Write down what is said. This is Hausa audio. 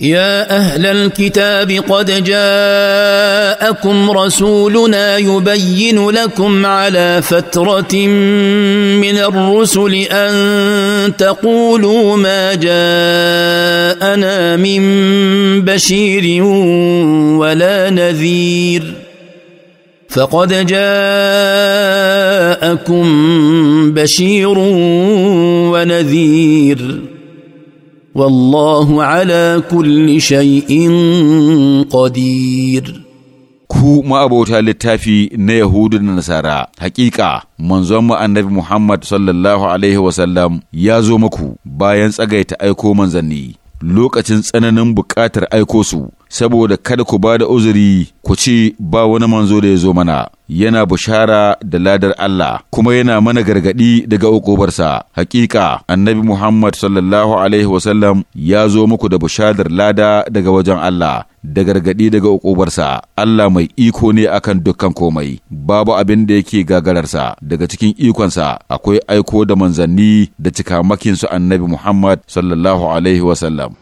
يا اهل الكتاب قد جاءكم رسولنا يبين لكم على فتره من الرسل ان تقولوا ما جاءنا من بشير ولا نذير فقد جاءكم بشير ونذير والله على كل شيء قدير ku ma'abota littafi na Yahudu da Nasara, hakika manzon mu annabi Muhammad sallallahu Alaihi wasallam ya zo muku bayan tsagaita aiko manzanni lokacin tsananin buƙatar aiko su, saboda kada ku ba da uzuri ku ce ba wani manzo da ya zo mana. yana bushara da ladar Allah kuma yana mana gargadi daga ukubarsa hakika annabi Muhammad sallallahu alaihi wasallam ya zo muku da bushadar lada daga wajen Allah da gargadi daga ukubarsa Allah mai iko ne akan dukkan komai babu abin da yake gagararsa daga cikin ikonsa akwai aiko da manzanni da cikamakinsu annabi Muhammad sallallahu alaihi wasallam